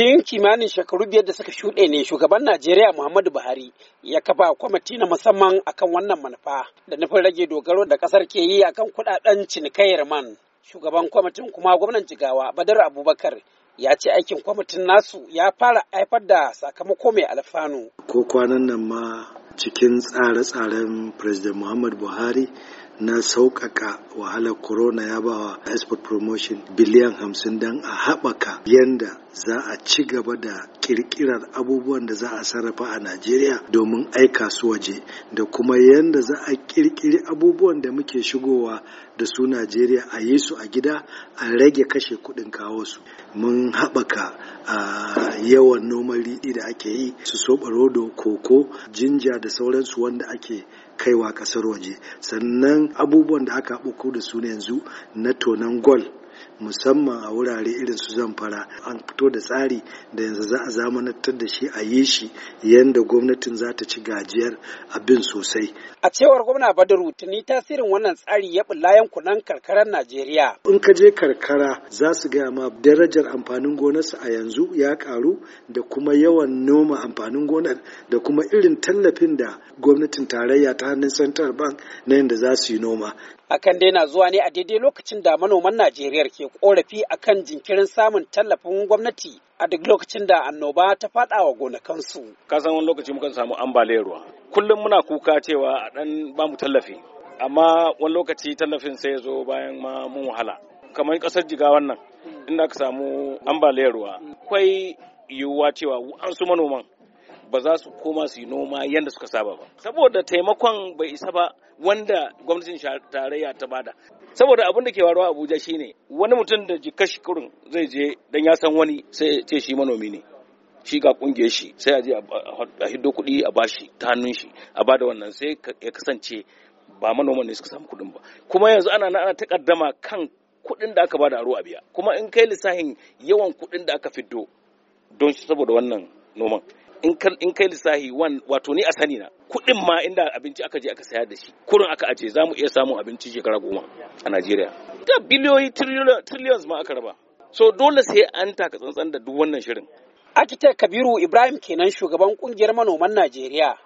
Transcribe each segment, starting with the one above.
Tun kimanin shekaru biyar da suka shuɗe ne shugaban Najeriya Muhammadu Buhari ya kafa kwamiti na musamman akan wannan manufa da nufin rage dogaro da ƙasar ke yi akan kuɗaɗen cinikayyar man. Shugaban kwamitin kuma gwamnan Jigawa Badar Abubakar ya ce aikin kwamitin nasu ya fara haifar da sakamako mai alfanu. Ko kwanan nan ma cikin tsare-tsaren President Muhammadu Buhari na sauƙaƙa wahalar corona ya bawa wa export promotion biliyan hamsin don a haɓaka yanda za a ci gaba da kirkirar abubuwan da za a sarrafa a najeriya domin aika su waje da kuma yadda za a kirkiri abubuwan da muke shigowa da su najeriya a yi su a gida a rage kashe kuɗin kawo su mun haɓaka a yawan noman riɗi da ake yi su soɓa rodo koko jinja da sauransu wanda ake kaiwa ƙasar waje sannan abubuwan da aka buku da su yanzu na tonan gwal musamman a wurare irin su zamfara an fito da tsari da yanzu za a zamanantar da shi a yi shi yadda gwamnatin za ta ci gajiyar abin sosai. A cewar gwamna Badaru tuni tasirin wannan tsari ya bulla yankunan karkarar Najeriya. In ka je karkara za su gaya ma darajar amfanin gonarsu a yanzu ya karu da kuma yawan noma amfanin gonar da kuma irin tallafin da gwamnatin tarayya ta hannun Central Bank na yadda za su yi noma. Hakan dai na zuwa ne a daidai lokacin da manoman Najeriya ke korafi akan jinkirin samun tallafin gwamnati a duk lokacin da annoba ta faɗawa wa gonakansu. Ka san wani lokaci mukan samu ambaliyar ruwa. Kullum muna kuka cewa a dan ba mu tallafi. Amma wani lokaci tallafin sai ya zo bayan ma mun wahala. Kamar kasar jiga wannan inda ka samu ambaliyar ruwa. Akwai yiwuwa cewa an su manoman ba za su koma su yi noma yadda suka saba ba saboda taimakon bai isa ba wanda gwamnatin tarayya ta bada saboda abin da ke faruwa abuja shine wani mutum da jika shikurin zai je dan ya san wani sai ce shi manomi ne shi ga kungiyar shi sai a je a hiddo kuɗi a bashi ta hannun shi a bada wannan sai ya kasance ba manoman ne suka samu kuɗin ba kuma yanzu ana na ana takaddama kan kuɗin da aka bada aro a biya kuma in kai lissafin yawan kuɗin da aka fiddo don saboda wannan noman in kai lissahi wan wato ni a sani na kuɗin ma inda abinci aka je aka sayar da shi kurin aka aje za mu iya samun abinci shekara goma a najeriya ta biliyoyi trillions ma aka raba so dole sai an taka tsantsan da duk wannan shirin architect kabiru ibrahim kenan shugaban kungiyar manoman najeriya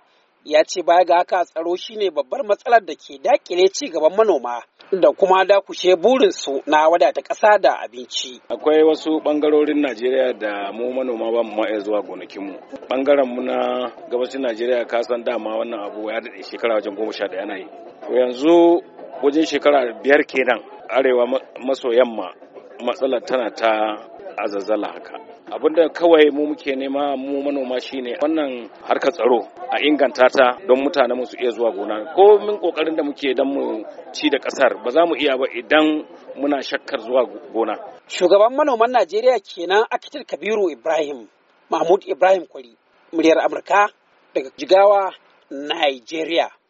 ya ce baya ga haka tsaro shine babbar matsalar da ke dakile ci gaban manoma da kuma dakushe burinsu na wadata ƙasa da abinci. Akwai wasu ɓangarorin Najeriya da mu manoma ba mu ma zuwa gonakinmu. Ɓangaren mu na gabashin Najeriya ka san dama wannan abu ya daɗe shekara wajen goma sha ɗaya na yi. Yanzu wajen shekara biyar kenan arewa maso yamma matsalar tana ta azazzala haka. da kawai mu muke nema mu manoma shine wannan harkar tsaro a inganta ta don mutane su iya zuwa gona ko min kokarin da muke don mu ci da kasar ba za mu iya ba idan muna shakkar zuwa gona shugaban manoman najeriya kenan akitil kabiru ibrahim mahmud ibrahim kwari muryar amurka daga jigawa nigeria